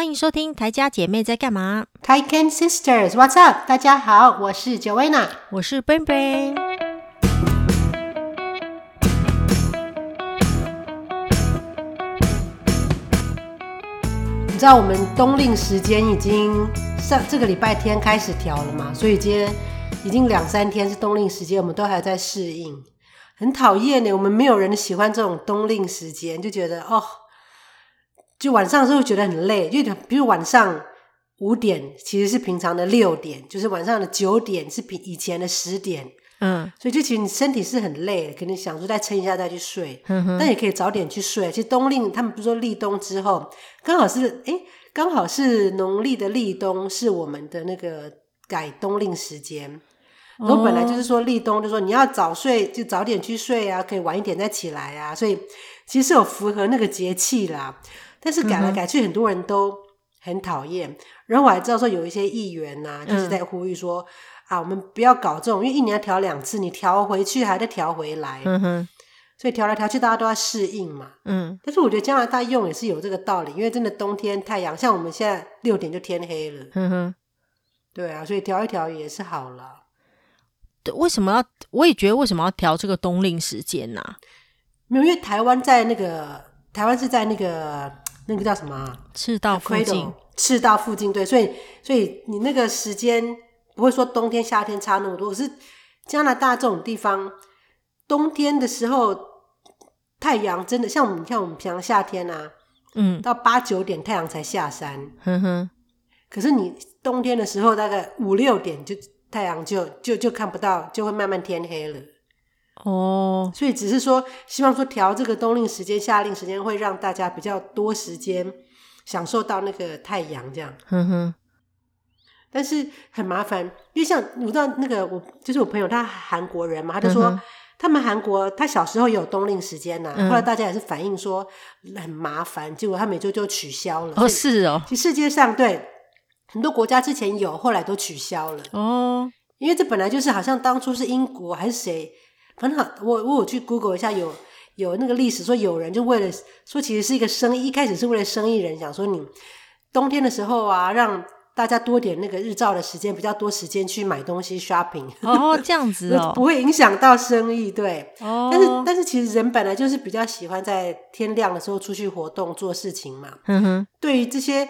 歡迎收聽台家姐妹在幹嘛 Taiken Sisters，What's up？大家好，我是 Joanna，我是 Ben Ben。你知道我們冬令時間已經上這個禮拜天開始調了嘛？所以今天已經兩三天是冬令時間，我們都還在適應，很討厭呢。我們沒有人喜歡這種冬令時間，就覺得哦。就晚上的時候覺得很累，就比如晚上五點其實是平常的六點，就是晚上的九點是比以前的十點，嗯，所以就其實你身體是很累，可能想說再撐一下再去睡，嗯，但也可以早點去睡。其實冬令他們不是說立冬之後，剛好是哎，剛好是農曆的立冬是我們的那個改冬令時間，我本來就是說立冬就是說你要早睡就早點去睡啊，可以晚一點再起來啊，所以其實是有符合那個節氣啦。但是改來改去，很多人都很討厭、嗯。然後我還知道說，有一些議員吶、啊，就是在呼籲說、嗯：“啊，我們不要搞這種，因為一年要調兩次，你調回去還得調回來。”嗯哼。所以調來調去，大家都要適應嘛。嗯。但是我覺得加拿大用也是有這個道理，因為真的冬天太陽像我們現在六點就天黑了。嗯哼。對啊，所以調一調也是好了。對，為什麼要？我也覺得為什麼要調這個冬令時間呢、啊？因為台灣在那個，台灣是在那個。那個叫什麼、啊？赤道附近，cradle, 赤道附近，對，所以所以你那個時間不會說冬天夏天差那麼多，可是加拿大這種地方，冬天的時候太陽真的像我們像我們平常夏天吶、啊，嗯，到八九點太陽才下山，哼哼，可是你冬天的時候大概五六點就太陽就就就看不到，就會慢慢天黑了。哦、oh.，所以只是說希望說調這個冬令時間、夏令時間，會讓大家比較多時間享受到那個太陽這樣。哼哼。但是很麻煩，因為像我知道那個我就是我朋友，他韓國人嘛，他就說他們韓國他小時候有冬令時間吶、啊，mm -hmm. 後來大家也是反映說很麻煩，結果他每週就取消了。哦，oh, 是哦。其實世界上對很多國家之前有，後來都取消了。哦、oh.，因為這本來就是好像當初是英國還是誰。很好，我我有去 Google 一下，有有那個歷史說，有人就為了說，其實是一個生意，一開始是為了生意人想說，你冬天的時候啊，讓大家多點那個日照的時間，比較多時間去買東西 shopping。哦，這樣子哦， 不會影響到生意，對。哦，但是但是其實人本來就是比較喜歡在天亮的時候出去活動做事情嘛。嗯哼，對於這些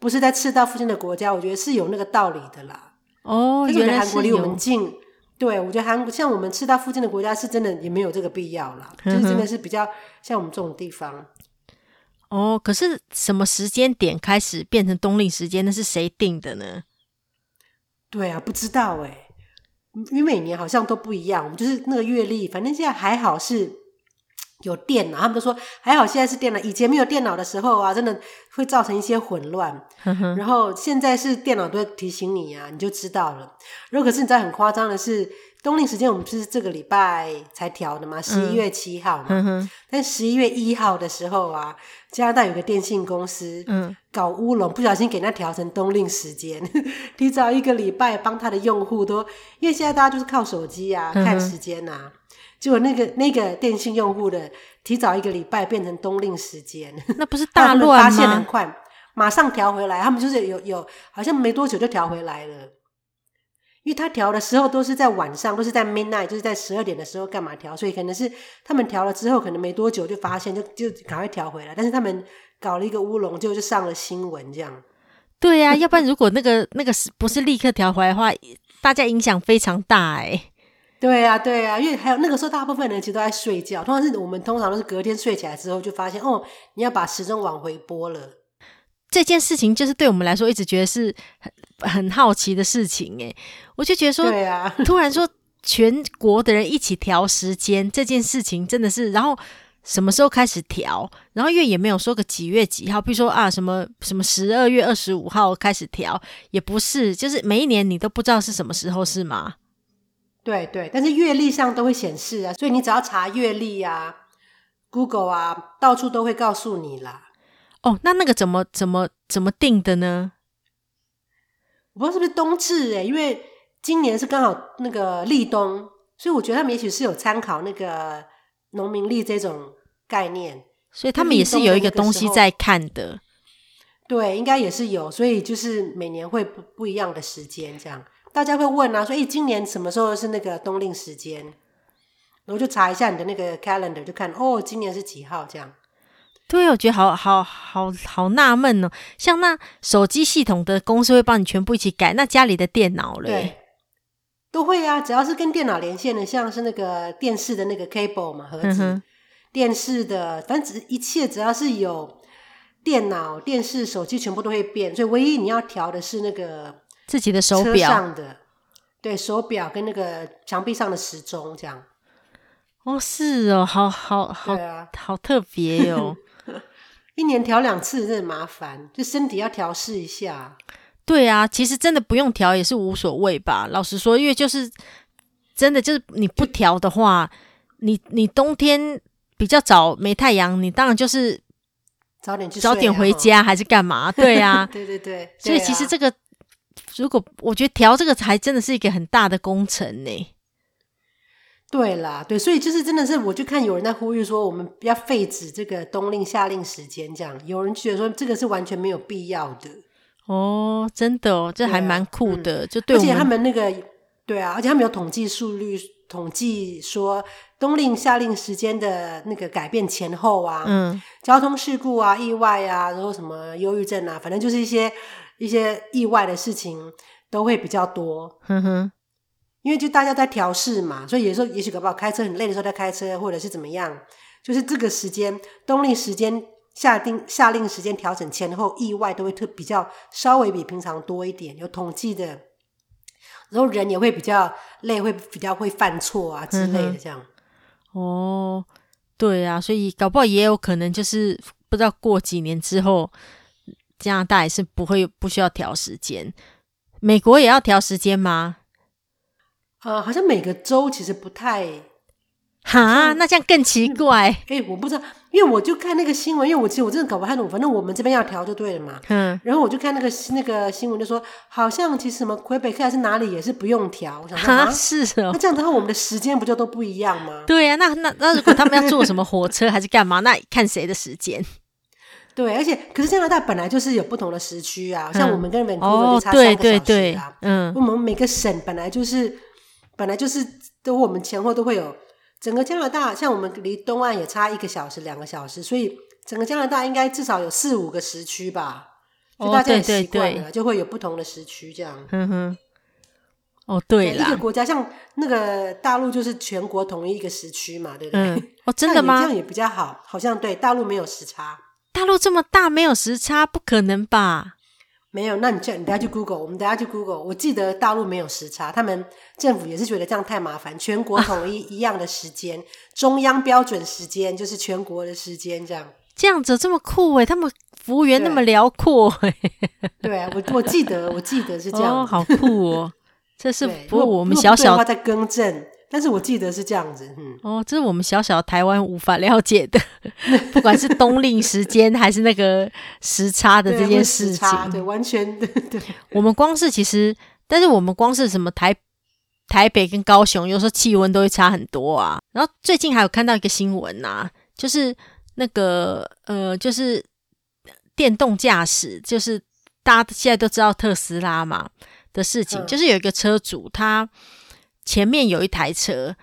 不是在赤道附近的國家，我覺得是有那個道理的啦。哦，原來因為韓國離我們近。對，我覺得韓國像我們吃到附近的國家是真的也沒有這個必要了，就是、真的是比較像我們這種地方。哦，可是什麼時間點開始變成冬令時間？那是誰定的呢？對啊，不知道哎、欸，因為每年好像都不一樣。我們就是那個月曆，反正現在還好是，有電腦，他們都說還好，現在是電腦。以前沒有電腦的時候啊，真的會造成一些混亂。嗯、然後現在是電腦都會提醒你啊，你就知道了。如果可是你知道很誇張的是，冬令時間我們是這個禮拜才調的嘛，十一月七號嘛。嗯嗯、但十一月一號的時候啊，加拿大有個電信公司搞烏龍，不小心給他調成冬令時間呵呵，提早一個禮拜幫他的用戶都，因為現在大家就是靠手機啊看時間呐、啊。嗯結果那個那個電信用戶的提早一個禮拜變成冬令時間，那不是大亂嗎？發現很快，馬上調回來。他們就是有有，好像沒多久就調回來了。因為他調的時候都是在晚上，都是在 midnight，就是在十二點的時候幹嘛調？所以可能是他們調了之後，可能沒多久就發現，就就趕快調回來。但是他們搞了一個烏龍，就就上了新聞，這樣。對呀，要不然如果那個那個是不是立刻調回來的話，大家影響非常大哎。對呀，對呀，因為還有那個時候，大部分人其實都在睡覺。通常是我們通常都是隔天睡起來之後，就發現哦，你要把時鐘往回撥了。這件事情就是對我們來說，一直覺得是很很好奇的事情。誒我就覺得說對啊，突然說全國的人一起調時間這件事情，真的是。然後什麼時候開始調？然後因為也沒有說個幾月幾號，比如說啊什麼什麼十二月二十五號開始調，也不是，就是每一年你都不知道是什麼時候，是嗎？對對，但是月曆上都會顯示啊，所以你只要查月曆啊，Google 啊，到處都會告訴你啦。哦，那那個怎麼怎麼怎麼定的呢？我不知道是不是冬至欸，因為今年是剛好那個立冬，所以我覺得他們也許是有參考那個農民歷這種概念，所以他們也是有一個東西在看的。對，應該也是有，所以就是每年會不不一樣的時間這樣。大家會問啊，說：“哎、欸，今年什麼時候是那個冬令時間？”然後就查一下你的那個 calendar，就看哦，今年是幾號？這樣對，我覺得好好好好納悶哦。像那手機系統的公司會幫你全部一起改，那家裡的電腦嘞，都會啊。只要是跟電腦連線的，像是那個電視的那個 cable 嘛，盒子、嗯、電視的，但只一切只要是有電腦、電視、手機，全部都會變。所以唯一你要調的是那個。自己的手錶上的，對手錶跟那個牆壁上的時鐘這樣。哦，是哦，好好、啊、好，好特別哦。 一年調兩次，真的麻煩，就身體要調試一下。對啊，其實真的不用調也是無所謂吧。老實說，因為就是真的就是你不調的話，嗯、你你冬天比較早沒太陽，你當然就是早點去睡、啊、早點回家還是幹嘛？對呀、啊， 對，對對對，所以其實這個。如果我覺得調這個才真的是一個很大的工程呢、欸。對啦，對，所以就是真的是，我就看有人在呼籲說，我們不要廢止這個冬令夏令時間。這樣，有人覺得說這個是完全沒有必要的。哦，真的哦，這還蠻酷的。對啊，嗯、就對，而且他們那個，對啊，而且他們有統計數據，統計說冬令夏令時間的那個改變前後啊，嗯，交通事故啊，意外啊，然後什麼憂鬱症啊，反正就是一些。一些意外的事情都會比較多，哼、嗯、哼，因為就大家在調試嘛，所以有時候也許搞不好開車很累的時候在開車，或者是怎麼樣，就是這個時間冬令時間下定下令時間調整前後意外都會特比較稍微比平常多一點，有統計的，然後人也會比較累，會比較會犯錯啊之類的這樣、嗯。哦，對啊，所以搞不好也有可能就是不知道過幾年之後，加拿大也是不會不需要調時間，美國也要調時間嗎？呃，好像每個州其實不太。哈，嗯、那這樣更奇怪。哎、欸，我不知道，因為我就看那個新聞，因為我其實我真的搞不太懂。反正我們這邊要調就對了嘛。嗯。然後我就看那個那個新聞，就說好像其實什麼魁北克還是哪裡也是不用調。我想說哈，啊，是哦。那這樣子的話，我們的時間不就都不一樣嗎？對呀、啊，那那那如果他們要坐什麼火車還是幹嘛， 那看誰的時間。對，而且可是加拿大本來就是有不同的時區啊，嗯、像我們跟溫哥華就差三個小時啊。對對對嗯，我們每個省本來就是，本來就是都我們前後都會有。整個加拿大，像我們離東岸也差一個小時、兩個小時，所以整個加拿大應該至少有四五個時區吧？就、哦、大家習慣的就會有不同的時區這樣。嗯哼。哦，對了一個國家像那個大陸就是全國統一一個時區嘛，對不對？嗯、哦，真的嗎？這樣也比較好，好像對大陸沒有時差。大陸這麼大，沒有時差，不可能吧？沒有，那你去，你等下去 Google，我們等下去 Google。我記得大陸沒有時差，他們政府也是覺得這樣太麻煩，全國統一一樣的時間，啊、中央標準時間就是全國的時間，這樣這樣子這麼酷、欸、他們幅員那麼遼闊，對， 對我我記得我記得是這樣、哦，好酷哦，這是不過我們小小在更正。但是我記得是這樣子，嗯，哦，這是我們小小台灣無法了解的， 不管是冬令時間還是那個時差的這件事情，對，時差對完全對，對。我們光是其實，但是我們光是什麼台台北跟高雄，有時候氣溫都會差很多啊。然後最近還有看到一個新聞吶、啊，就是那個呃，就是電動駕駛，就是大家現在都知道特斯拉嘛的事情、嗯，就是有一個車主他。前面有一台車，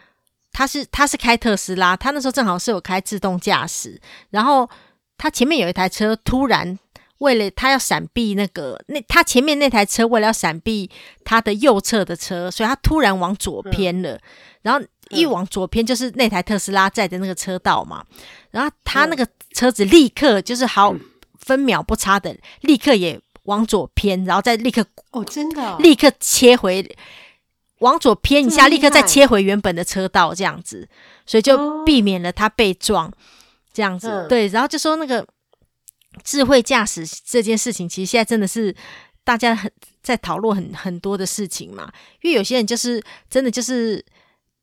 他是他是開特斯拉，他那時候正好是有開自動駕駛。然後他前面有一台車，突然為了他要閃避那個那他前面那台車為了要閃避他的右側的車，所以他突然往左偏了。嗯、然後一往左偏，就是那台特斯拉在的那個車道嘛。然後他那個車子立刻就是好分秒不差的立刻也往左偏，然後再立刻哦真的哦立刻切回。往左偏一下，立刻再切回原本的車道，這樣子，所以就避免了他被撞。這樣子，對，然後就說那個智慧駕駛這件事情，其實現在真的是大家很在討論很很多的事情嘛。因為有些人就是真的就是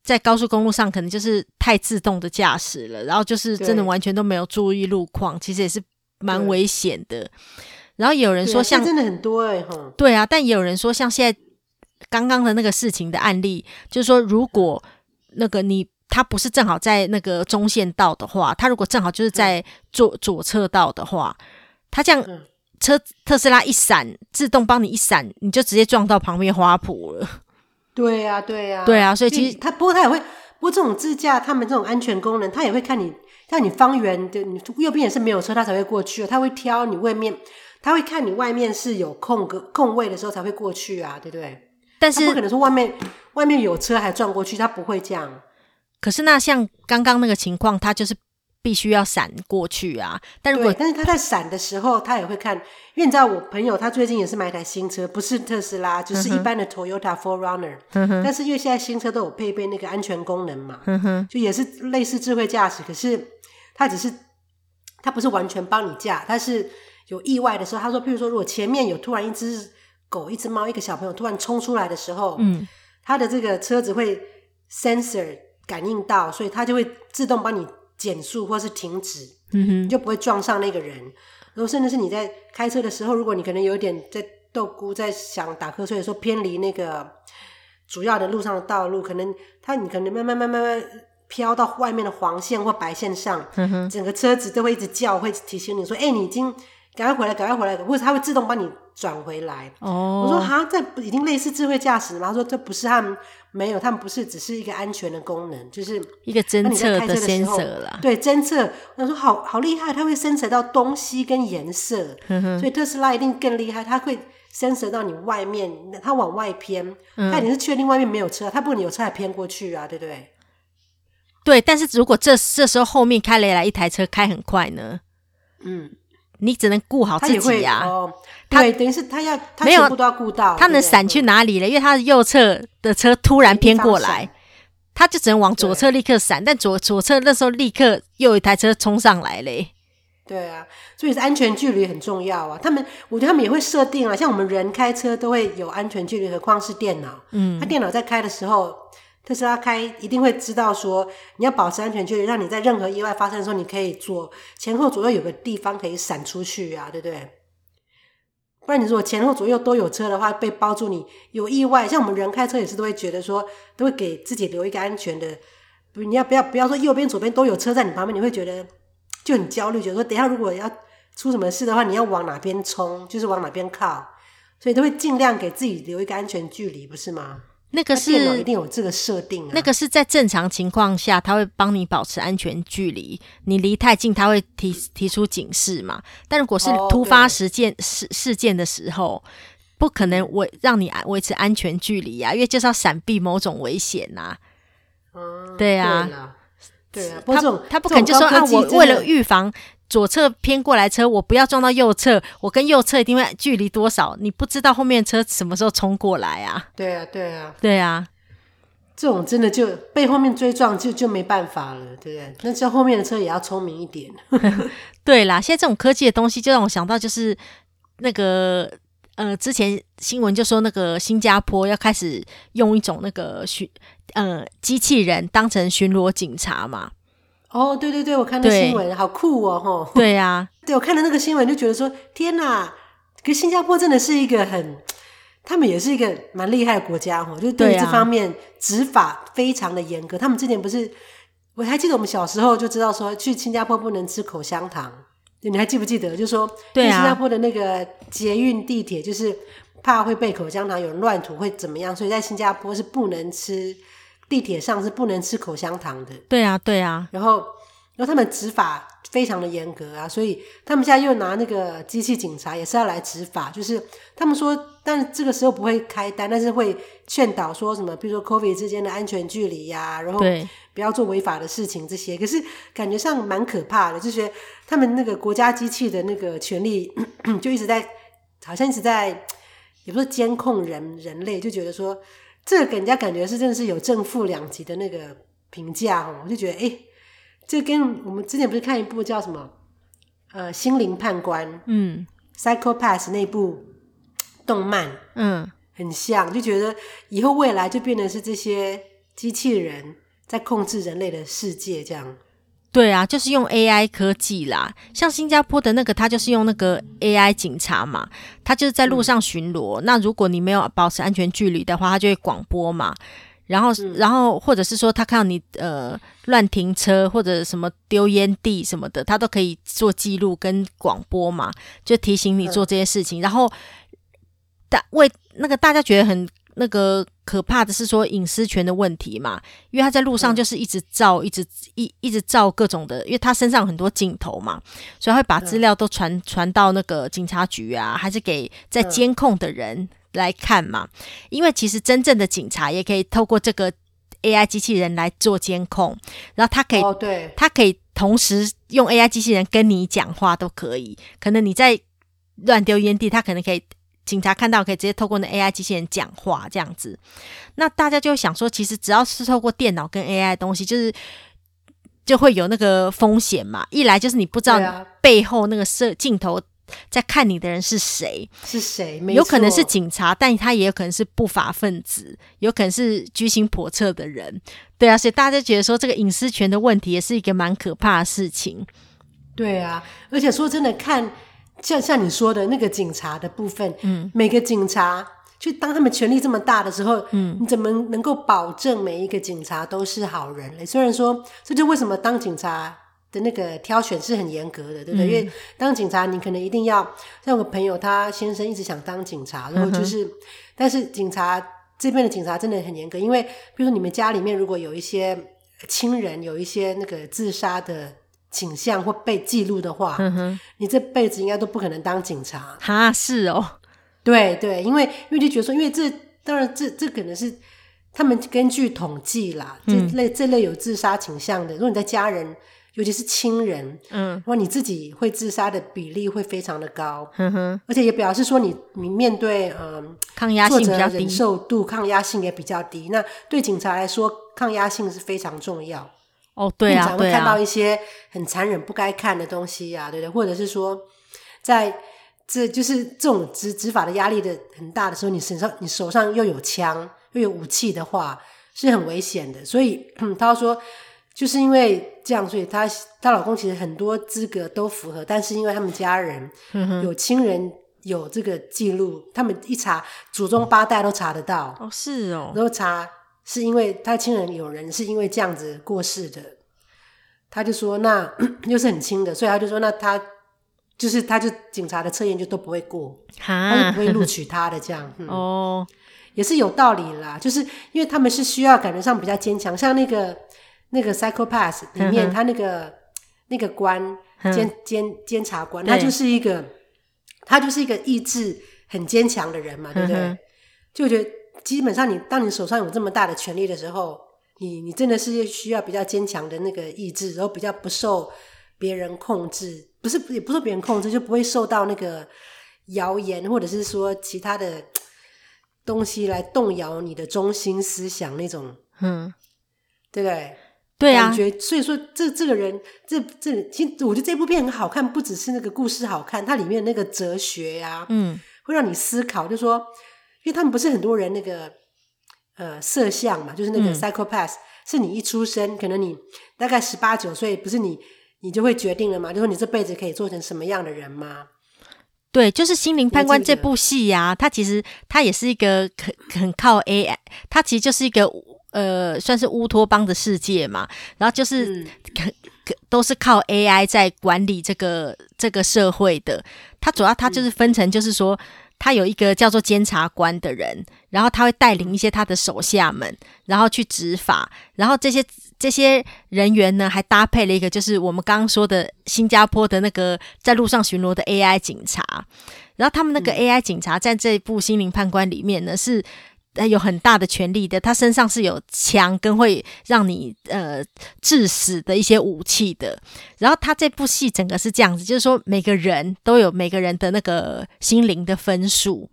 在高速公路上，可能就是太自動的駕駛了，然後就是真的完全都沒有注意路況，其實也是蠻危險的。然後有人說，像真的很多哎，對啊，但也有人說像現在。剛剛的那個事情的案例，就是說，如果那個你他不是正好在那個中線道的話，他如果正好就是在左、嗯、左側道的話，他這樣車、嗯、特斯拉一閃，自動幫你一閃，你就直接撞到旁邊花圃了。對呀、啊，對呀、啊，對啊。所以其實他不過他也會，不過這種自駕他們這種安全功能，他也會看你，像你方圓的，你右邊也是沒有車，他才會過去哦、啊。他會挑你外面，他會看你外面是有空格空位的時候才會過去啊，對不對？但是不可能說外面外面有車還撞過去，他不會這樣。可是那像剛剛那個情況，他就是必須要閃過去啊。但如果對，但是他在閃的時候，他也會看，因為你知道我朋友他最近也是買一台新車，不是特斯拉，就是一般的 Toyota 4Runner、嗯哼。但是因為現在新車都有配備那個安全功能嘛，嗯哼、就也是類似智慧駕駛，可是他只是他不是完全幫你駕，他是有意外的時候，他說，譬如說如果前面有突然一隻。狗，一隻貓一個小朋友突然衝出來的時候，它、嗯、的這個車子會 sensor 感應到，所以它就會自動幫你減速或是停止，你、嗯、就不會撞上那個人。然後甚至是你在開車的時候，如果你可能有點在斗姑在想打瞌睡的時候偏離那個主要的路上的道路，可能它你可能慢慢慢慢慢飄到外面的黃線或白線上、嗯，整個車子都會一直叫，會提醒你說，哎、欸，你已經。趕快回來，趕快回來，或者它會自動幫你轉回來。哦、oh.，我說啊，這已經類似智慧駕駛嘛。他說這不是他們沒有，他們不是，只是一個安全的功能，就是一個偵測、啊、的先設了。對，偵測。我說好好厲害，它會偵測到東西跟顏色呵呵。所以特斯拉一定更厲害，它會偵測到你外面，它往外偏。但、嗯、你是確定外面沒有車，它不能有車還偏過去啊，對不對？對，但是如果這這時候後面開來一台車開很快呢？嗯。你只能顧好自己呀、啊，他、哦、對，他等於是他要他要顧到沒有，他能閃去哪裡呢、嗯？因為他的右側的車突然偏過來，他就只能往左側立刻閃，但左左側那時候立刻又有一台車衝上來嘞。對啊，所以是安全距離很重要啊。他們我覺得他們也會設定啊，像我們人開車都會有安全距離，何況是電腦？嗯，他電腦在開的時候。特斯拉開一定會知道說，你要保持安全距離，讓你在任何意外發生的時候，你可以左前後左右有個地方可以閃出去啊，對不對？不然你如果前後左右都有車的話，被包住，你有意外，像我們人開車也是都會覺得說，都會給自己留一個安全的，不你要不要不要說右邊左邊都有車在你旁邊，你會覺得就很焦慮，覺得說等一下如果要出什麼事的話，你要往哪邊衝，就是往哪邊靠，所以都會盡量給自己留一個安全距離，不是嗎？那個是電腦一定有這個設定、啊。那個是在正常情況下，他會幫你保持安全距離。你離太近，他會提提出警示嘛。但如果是突發事件事事件的時候，不可能讓你維持安全距離呀、啊，因為就是要閃避某種危險吶、啊嗯。對啊，對啊，他他、啊、不可能就說啊，我為了預防。左側偏過來車，我不要撞到右側，我跟右側一定會距離多少？你不知道後面車什麼時候衝過來啊？對啊，對啊，對啊，這種真的就被後面追撞就就沒辦法了，對不對？那這後面的車也要聰明一點。 對啦，現在這種科技的東西，就讓我想到就是那個呃，之前新聞就說那個新加坡要開始用一種那個巡呃機器人當成巡邏警察嘛。哦，對對對，我看那新聞，好酷哦，吼。對呀、啊， 對我看的那個新聞就覺得說，天哪！可新加坡真的是一個很，他們也是一個蠻厲害的國家，吼，就對於這方面、啊、執法非常的嚴格。他們之前不是，我還記得我們小時候就知道說，去新加坡不能吃口香糖。你還記不記得？就說去、啊、新加坡的那個捷運地鐵，就是怕會被口香糖，有人亂吐會怎麼樣，所以在新加坡是不能吃。地鐵上是不能吃口香糖的。對啊，對啊。然後，然後他們執法非常的嚴格啊，所以他們現在又拿那個機器警察也是要來執法，就是他們說，但是這個時候不會開單，但是會勸導說什麼，比如說 COVID 之間的安全距離呀、啊，然後不要做違法的事情這些。可是感覺上蠻可怕的，就覺得他們那個國家機器的那個權力， 就一直在，好像一直在，也不是監控人人類，就覺得說。這給、個、人家感覺是真的是有正負兩極的那個評價、哦、我就覺得誒，這、欸、跟我們之前不是看一部叫什麼呃《心靈判官》嗯，《Psycho-Pass》那部動漫嗯很像，就覺得以後未來就變成是這些機器人在控制人類的世界這樣。對啊，就是用 AI 科技啦，像新加坡的那個，他就是用那個 AI 警察嘛，他就是在路上巡邏。嗯、那如果你沒有保持安全距離的話，他就會廣播嘛。然後，嗯、然後或者是說，他看到你呃亂停車或者什麼丟煙蒂什麼的，他都可以做記錄跟廣播嘛，就提醒你做這些事情。嗯、然後，大為那個大家覺得很。那個可怕的是說，隱私權的問題嘛，因為他在路上就是一直照，嗯、一直一一直照各種的，因為他身上很多鏡頭嘛，所以他會把資料都傳、嗯、傳到那個警察局啊，還是給在監控的人來看嘛、嗯。因為其實真正的警察也可以透過這個 AI 機器人來做監控，然後他可以，哦、對。他可以同時用 AI 機器人跟你講話都可以，可能你在亂丟煙蒂，他可能可以。警察看到可以直接透過那 AI 機器人講話這樣子，那大家就會想說，其實只要是透過電腦跟 AI 的東西，就是就會有那個風險嘛。一來就是你不知道背後那個攝鏡頭在看你的人是誰，是誰？沒錯。有可能是警察，但他也有可能是不法分子，有可能是居心叵測的人。對啊，所以大家就覺得說這個隱私權的問題也是一個蠻可怕的事情。對啊，而且說真的看。像像你說的那個警察的部分，嗯，每個警察就當他們權力這麼大的時候，嗯，你怎麼能夠保證每一個警察都是好人嘞？雖然說，這就為什麼當警察的那個挑選是很嚴格的，對不對？嗯、因為當警察，你可能一定要像我朋友，他先生一直想當警察，然後就是，嗯、但是警察這邊的警察真的很嚴格，因為比如說你們家裡面如果有一些親人，有一些那個自殺的。傾向或被記錄的話，嗯、你這輩子應該都不可能當警察。哈，是哦，對對，因為因為就覺得說，因為這當然這這可能是他們根據統計啦、嗯，這類這類有自殺傾向的，如果你的家人，尤其是親人，嗯，或你自己會自殺的比例會非常的高，嗯哼，而且也表示說你你面對嗯、呃、抗壓性比較低，忍受度抗壓性也比較低。那對警察來說，抗壓性是非常重要。哦、oh,，對啊，對啊。會看到一些很殘忍、不該看的東西呀、啊，對不對？或者是說，在這就是這種執執法的壓力的很大的時候，你身上你手上又有槍又有武器的話，是很危險的。所以她說，就是因為這樣，所以她她老公其實很多資格都符合，但是因為他們家人、嗯、有親人有這個記錄，他們一查祖宗八代都查得到。哦、oh,，是哦，然後查。是因為他親人有人是因為這樣子過世的，他就說那又、 就是很親的，所以他就說那他就是他就警察的測驗就都不會過，他就不會錄取他的這樣哦，嗯 oh. 也是有道理啦，就是因為他們是需要感覺上比較堅強，像那個那個 Psycho-Pass 裡面、uh -huh. 他那個那個官、uh -huh. 監監監察官，他就是一個他就是一個意志很堅強的人嘛，對不對？Uh -huh. 就我覺得。基本上你，你當你手上有這麼大的權力的時候，你你真的是需要比較堅強的那個意志，然後比較不受別人控制，不是，也不受別人控制，就不會受到那個謠言或者是說其他的東西來動搖你的中心思想那種，嗯，對不對？對啊，感覺，所以說這這個人，這這其實我覺得這部片很好看，不只是那個故事好看，它裡面那個哲學呀、啊，嗯，會讓你思考，就是說。因為他們不是很多人那個呃色相嘛，就是那個 psychopath，、嗯、是你一出生可能你大概十八九歲，不是你你就會決定了嘛？就說你這輩子可以做成什麼樣的人嗎？對，就是《心靈判官》這部戲呀、啊這個，它其實它也是一個很很靠 AI，它其實就是一個呃算是烏托邦的世界嘛，然後就是、嗯、都是靠 AI 在管理這個這個社會的。它主要它就是分成，就是說。嗯嗯他有一個叫做監察官的人，然後他會帶領一些他的手下們，然後去執法。然後這些這些人員呢，還搭配了一個，就是我們剛剛說的新加坡的那個在路上巡邏的 AI 警察。然後他們那個 AI 警察在這一部《心靈判官》裡面呢是。有很大的權力的，他身上是有槍跟會讓你呃致死的一些武器的。然後他這部戲整個是這樣子，就是說每個人都有每個人的那個心靈的分數。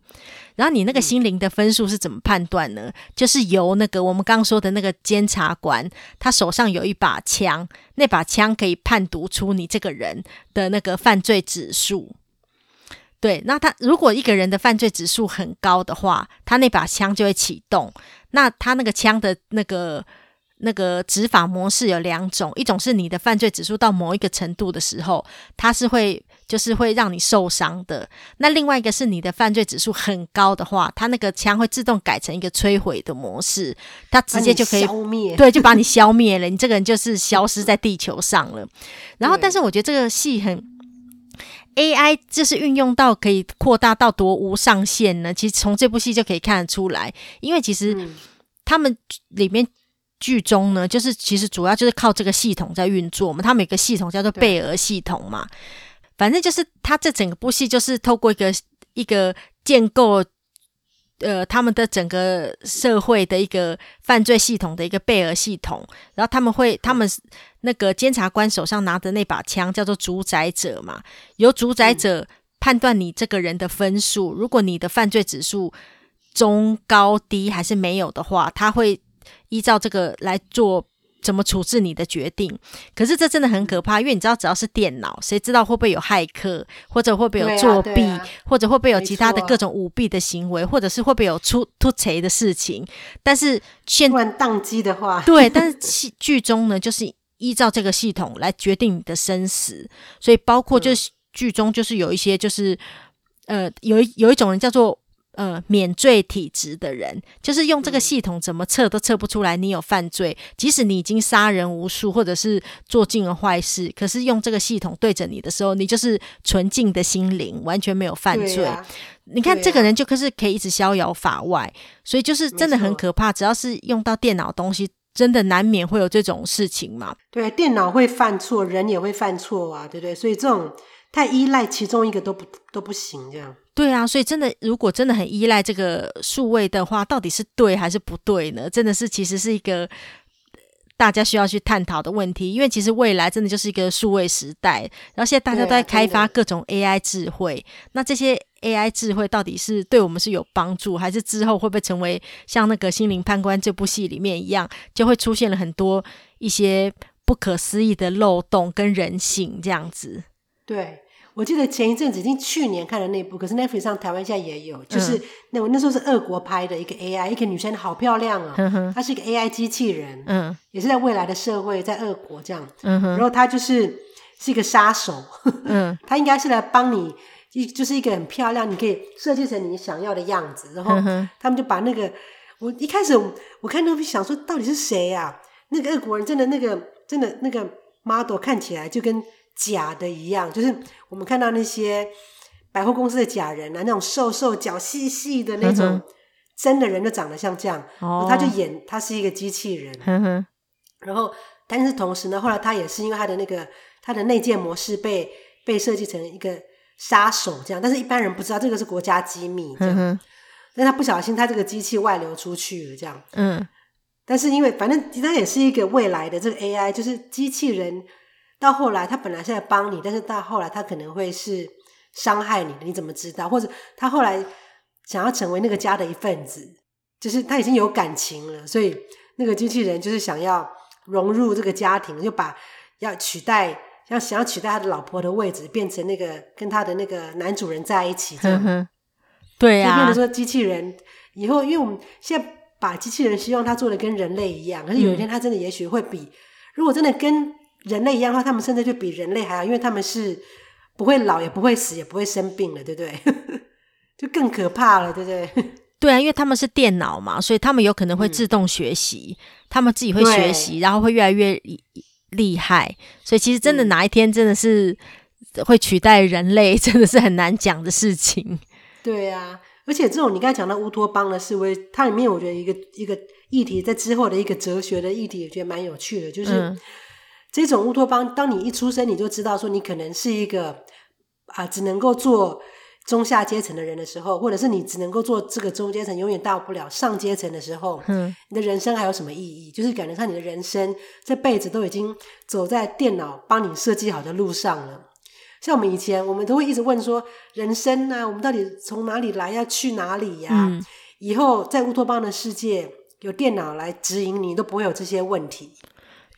然後你那個心靈的分數是怎麼判斷呢？嗯。就是由那個我們剛剛說的那個監察官，他手上有一把槍，那把槍可以判讀出你這個人的那個犯罪指數。對，那他如果一個人的犯罪指數很高的話，他那把槍就會啟動。那他那個槍的那個那個執法模式有兩種，一種是你的犯罪指數到某一個程度的時候，它是會就是會讓你受傷的；那另外一個是你的犯罪指數很高的話，他那個槍會自動改成一個摧毀的模式，它直接就可以消滅，對，就把你消滅了， 你這個人就是消失在地球上了。然後，但是我覺得這個戲很。AI 就是運用到可以擴大到多無上限呢？其實從這部戲就可以看得出來，因為其實他們裡面劇中呢，就是其實主要就是靠這個系統在運作嘛。他們有一個系統叫做貝爾系統嘛，反正就是它這整個部戲就是透過一個一個建構，呃，他們的整個社會的一個犯罪系統的一個貝爾系統，然後他們會、嗯、他們。那個監察官手上拿的那把槍叫做主宰者嘛，由主宰者判斷你這個人的分數、嗯。如果你的犯罪指數中、高、低還是沒有的話，他會依照這個來做怎麼處置你的決定。可是這真的很可怕，嗯、因為你知道，只要是電腦，誰知道會不會有駭客，或者會不會有作弊、啊啊，或者會不會有其他的各種舞弊的行為，啊、或者是會不會有出突槌的事情。但是現突然宕機的話，對，但是劇中呢，就是。依照這個系統來決定你的生死，所以包括就是劇中就是有一些就是、嗯、呃有有一種人叫做呃免罪體質的人，就是用這個系統怎麼測都測不出來你有犯罪，嗯、即使你已經殺人無數或者是做盡了壞事，可是用這個系統對着你的時候，你就是純淨的心靈，完全沒有犯罪。啊啊、你看這個人就可是可以一直逍遙法外，所以就是真的很可怕。只要是用到電腦東西。真的難免會有這種事情嘛？對，電腦會犯錯，人也會犯錯啊，對不對？所以這種太依賴其中一個都不都不行，這樣。對啊，所以真的，如果真的很依賴這個數位的話，到底是對還是不對呢？真的是，其實是一個大家需要去探討的問題。因為其實未來真的就是一個數位時代，然後現在大家都在開發各種 AI 智慧，啊、那這些。AI 智慧到底是對我們是有幫助，還是之後會不會成為像那個《心靈判官》這部戲裡面一樣，就會出現了很多一些不可思議的漏洞跟人性這樣子？對，我記得前一陣子，已經去年看了那部，可是 Netflix 上台灣現在也有，就是、嗯、那我那時候是俄國拍的一個 AI，一個女生好漂亮啊、哦、嗯哼，她是一個 AI 機器人，嗯，也是在未來的社會，在俄國這樣，子、嗯哼。然後她就是是一個殺手，嗯， 她應該是來幫你。一就是一個很漂亮，你可以設計成你想要的樣子，然後他們就把那個我一開始我，我看那部想說到底是誰呀、啊？那個俄國人真的那個真的那個 model 看起來就跟假的一樣，就是我們看到那些百貨公司的假人啊，那種瘦瘦腳細、細細的那種，呵呵真的人就長得像這樣，哦、然後他就演他是一個機器人，呵呵然後但是同時呢，後來他也是因為他的那個他的內建模式被被設計成一個。殺手這樣，但是一般人不知道這個是國家機密這樣，嗯。但他不小心，他這個機器外流出去了這樣。嗯，但是因為反正他也是一個未來的這個 AI，就是機器人。到後來，他本來是在幫你，但是到後來他可能會是傷害你，你怎麼知道？或者他後來想要成為那個家的一份子，就是他已經有感情了，所以那個機器人就是想要融入這個家庭，就把要取代。要想要取代他的老婆的位置，變成那個跟他的那個男主人在一起這樣，對啊，就變成說，機器人以後，因為我們現在把機器人希望它做的跟人類一樣，可是有一天，它真的也許會比、嗯、如果真的跟人類一樣的話，他們甚至就比人類還好，因為他們是不會老，也不會死，也不會生病了，對不對？ 就更可怕了，對不對？對啊，因為他們是電腦嘛，所以他們有可能會自動學習，嗯、他們自己會學習，然後會越來越。厲害，所以其實真的哪一天真的是會取代人類，真的是很難講的事情。對啊，而且這種你剛才講到烏托邦的思維，它裡面我覺得一個一個議題，在之後的一個哲學的議題，我覺得蠻有趣的，就是、嗯、這種烏托邦，當你一出生你就知道說，你可能是一個啊，只能夠做。中下階層的人的時候，或者是你只能夠做這個中階層，永遠到不了上階層的時候，嗯，你的人生還有什麼意義？就是感覺上，你的人生這輩子都已經走在電腦幫你設計好的路上了。像我們以前，我們都會一直問說，人生呢，啊，我們到底從哪裡來啊，要去哪裡呀啊，嗯？以後在烏托邦的世界，有電腦來指引你，都不會有這些問題。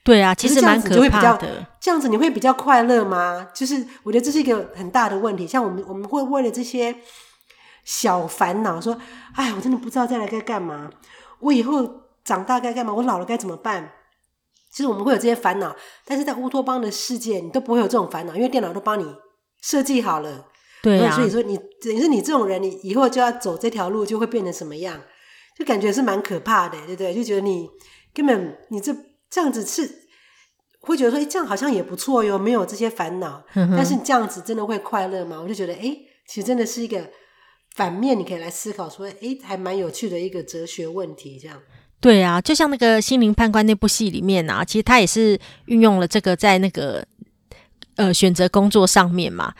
對啊，其實蠻可怕的，其實這樣子就會比較，這樣子你會比較快樂嗎？就是我覺得這是一個很大的問題。像我們，我們會為了這些小煩惱說：“哎呀，我真的不知道將來該幹嘛，我以後長大該幹嘛，我老了該怎麼辦？”其實我們會有這些煩惱，但是在烏托邦的世界，你都不會有這種煩惱，因為電腦都幫你設計好了。對啊，所以說你等於是你這種人，你以後就要走這條路，就會變成什麼樣？就感覺是蠻可怕的，對不對？就覺得你根本你這。這樣子是會覺得說，哎、欸，這樣好像也不錯喲，沒有這些煩惱、嗯。但是這樣子真的會快樂嗎？我就覺得，哎、欸，其實真的是一個反面，你可以來思考說，哎、欸，還蠻有趣的一個哲學問題。這樣。對啊，就像那個心靈判官那部戲裡面啊，其實他也是運用了這個在那個呃選擇工作上面嘛，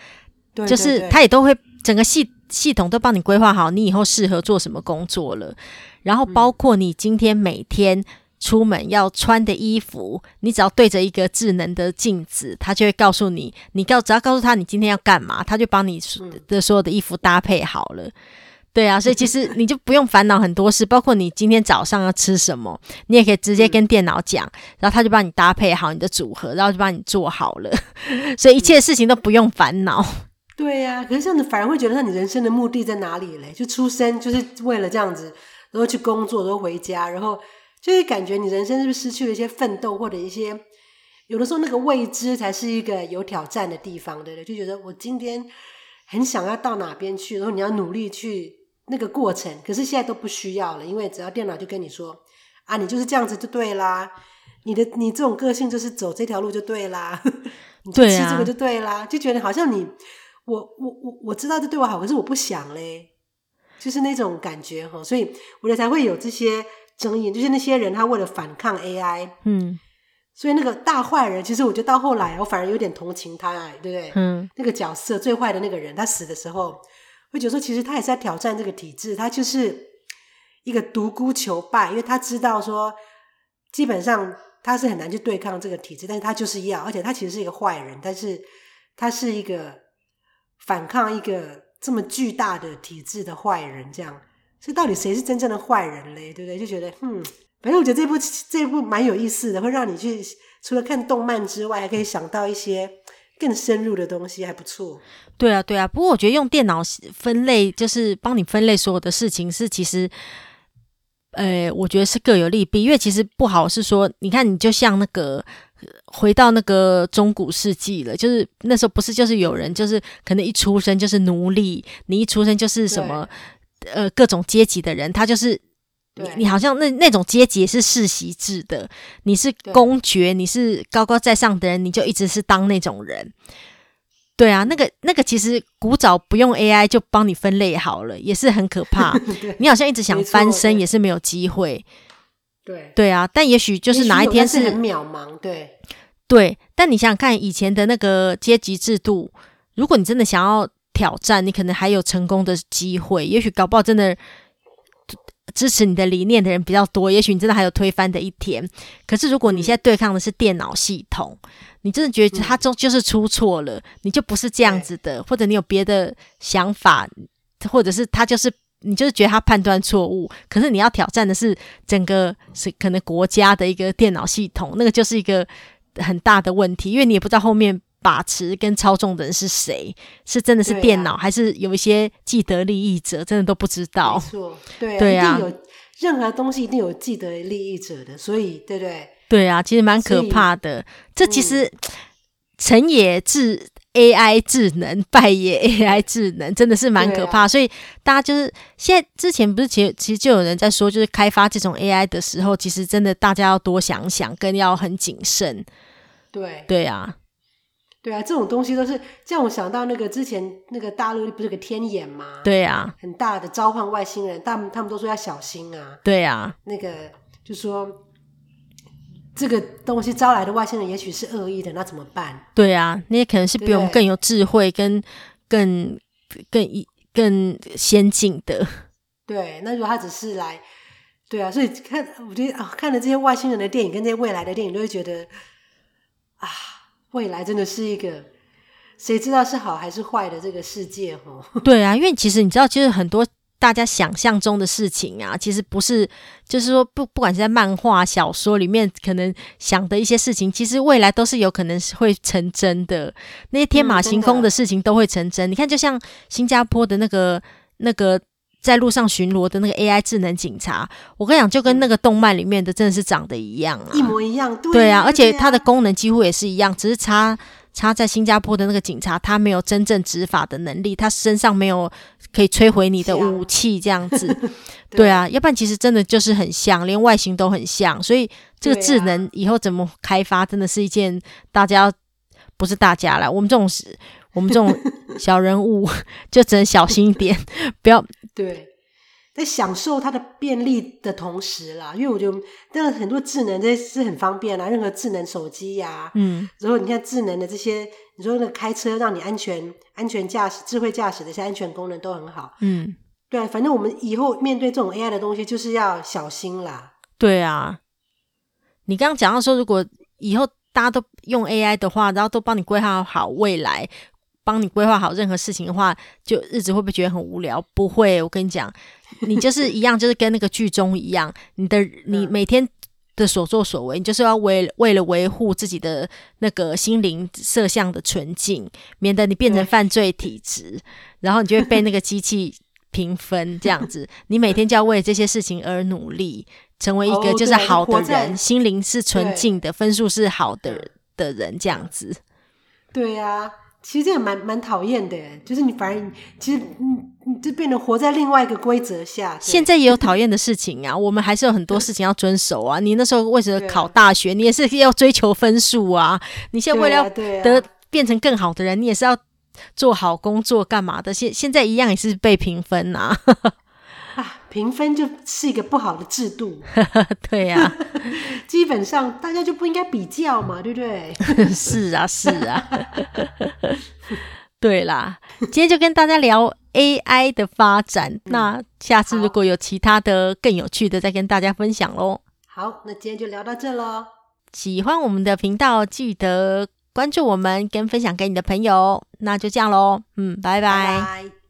對對對，就是他也都會整個系系統都幫你規劃好你以後適合做什麼工作了，然後包括你今天每天。嗯出門要穿的衣服，你只要對着一個智能的鏡子，它就會告訴你。你告只要告訴他你今天要幹嘛，他就幫你的所有的衣服搭配好了。對啊，所以其實你就不用煩惱很多事，包括你今天早上要吃什麼，你也可以直接跟電腦講、嗯，然後他就幫你搭配好你的組合，然後就幫你做好了。所以一切事情都不用煩惱、嗯。對呀、啊，可是這樣子反而會覺得那你人生的目的在哪裡嘞？就出生就是為了這樣子，然後去工作，然後回家，然後。就會感覺你人生是不是失去了一些奮鬥或者一些，有的時候那個未知才是一個有挑戰的地方，對不對？就覺得我今天很想要到哪邊去，然後你要努力去那個過程。可是現在都不需要了，因為只要電腦就跟你說啊，你就是這樣子就對啦。你的你這種個性就是走這條路就對啦， 你就吃這個就對啦。對啊、就覺得好像你我我我我知道這對我好，可是我不想嘞，就是那種感覺哈。所以我覺得才會有這些爭議就是那些人，他為了反抗 AI，嗯，所以那個大壞人，其實我覺得到後來，我反而有點同情他，對不對？嗯，那個角色最壞的那個人，他死的時候，我覺得說其實他也是在挑戰這個體制，他就是一個獨孤求敗，因為他知道說，基本上他是很難去對抗這個體制，但是他就是要，而且他其實是一個壞人，但是他是一個反抗一個這麼巨大的體制的壞人，這樣。這到底誰是真正的壞人嘞？對不對？就覺得，嗯，反正我覺得這部這部蠻有意思的，會讓你去除了看動漫之外，還可以想到一些更深入的東西，還不錯。對啊，對啊。不過我覺得用電腦分類，就是幫你分類所有的事情，是其實，呃，我覺得是各有利弊。因為其實不好是說，你看，你就像那個回到那個中古世紀了，就是那時候不是就是有人就是可能一出生就是奴隸，你一出生就是什麼。呃，各種階級的人，他就是你，你好像那那種階級是世襲制的，你是公爵，你是高高在上的人，你就一直是當那種人，對啊，那個那個其實古早不用 AI 就幫你分類好了，也是很可怕。 你好像一直想翻身，也是沒有機會。對對啊，但也許就是哪一天是，是很渺茫。對對，但你想想看，以前的那個階級制度，如果你真的想要。挑戰你可能還有成功的機會，也許搞不好真的支持你的理念的人比較多，也許你真的還有推翻的一天。可是如果你現在對抗的是電腦系統、嗯，你真的覺得它就，就是出錯了、嗯，你就不是這樣子的，或者你有別的想法、欸，或者是他就是你就是覺得他判斷錯誤。可是你要挑戰的是整個是可能國家的一個電腦系統，那個就是一個很大的問題，因為你也不知道後面。把持跟操縱的人是誰？是真的是電腦、啊，還是有一些既得利益者？真的都不知道。沒錯，對、啊、對呀、啊，一定有任何東西一定有既得利益者的，所以對不對，對？對啊，其實蠻可怕的。這其實、嗯、成也智 AI 智能，敗也 AI 智能，真的是蠻可怕、啊。所以大家就是現在之前不是其實其實就有人在說，就是開發這種 AI 的時候，其實真的大家要多想想，更要很謹慎。對對啊。對啊，這種東西都是這樣，我想到那個之前那個大陸不是個天眼嗎？對啊，很大的召喚外星人，他們他們都說要小心啊。對啊，那個就說這個東西招來的外星人也許是惡意的，那怎麼辦？對啊，那也可能是比我們更有智慧跟、跟更更更先進的。對，那如果他只是來，對啊，所以看我覺得啊，看了這些外星人的電影跟這些未來的電影，都會覺得啊。未來真的是一個誰知道是好還是壞的這個世界，齁。對啊，因為其實你知道，其實很多大家想象中的事情啊，其實不是，就是說不不管是在漫畫、小說裡面可能想的一些事情，其實未來都是有可能會成真的。那些天馬行空的事情都會成真。嗯，真的啊。你看，就像新加坡的那個那個。在路上巡邏的那個 AI 智能警察，我跟你講，就跟那個動漫裡面的真的是長得一樣啊，一模一樣。對啊，而且它的功能幾乎也是一樣，只是差差在新加坡的那個警察，他沒有真正執法的能力，他身上沒有可以摧毀你的武器這樣子。對啊，要不然其實真的就是很像，連外形都很像。所以這個智能以後怎麼開發，真的是一件大家，不是大家啦，我們這種是，我們這種小人物就只能小心一點，不要。對，在享受它的便利的同時啦，因為我就但是很多智能這些是很方便啦，任何智能手機呀、啊，嗯，然後你看智能的這些，你說那個開車讓你安全、安全駕駛、智慧駕駛的一些安全功能都很好，嗯，對、啊，反正我們以後面對這種 AI 的東西，就是要小心啦。對啊，你剛剛講到說，如果以後大家都用 AI 的話，然後都幫你規劃好未來。幫你規劃好任何事情的話，就日子會不會覺得很無聊？不會，我跟你講，你就是一樣， 就是跟那個劇中一樣，你的你每天的所作所為，你就是要為，為了維護自己的那個心靈色相的純淨，免得你變成犯罪體質，然後你就會被那個機器評分這樣子。 你每天就要為這些事情而努力，成為一個就是好的人，oh, 心靈是純淨的，分數是好的的人這樣子。對呀、啊。其實這個蠻蠻討厭的，就是你反而其實你你就變得活在另外一個規則下。現在也有討厭的事情啊， 我們還是有很多事情要遵守啊。嗯、你那時候為什麼考大學、啊，你也是要追求分數啊。你現在為了得變成更好的人、啊啊，你也是要做好工作幹嘛的？現現在一樣也是被評分吶、啊。 評分就是一個不好的制度， 對呀、啊， 基本上大家就不應該比較嘛，對不對？ 是啊，是啊， 對啦，今天就跟大家聊 AI 的發展，嗯、那下次如果有其他的更有趣的，再跟大家分享嘍。好，那今天就聊到這嘍，喜歡我們的頻道記得關注我們跟分享給你的朋友，那就這樣嘍，嗯，拜拜。拜拜。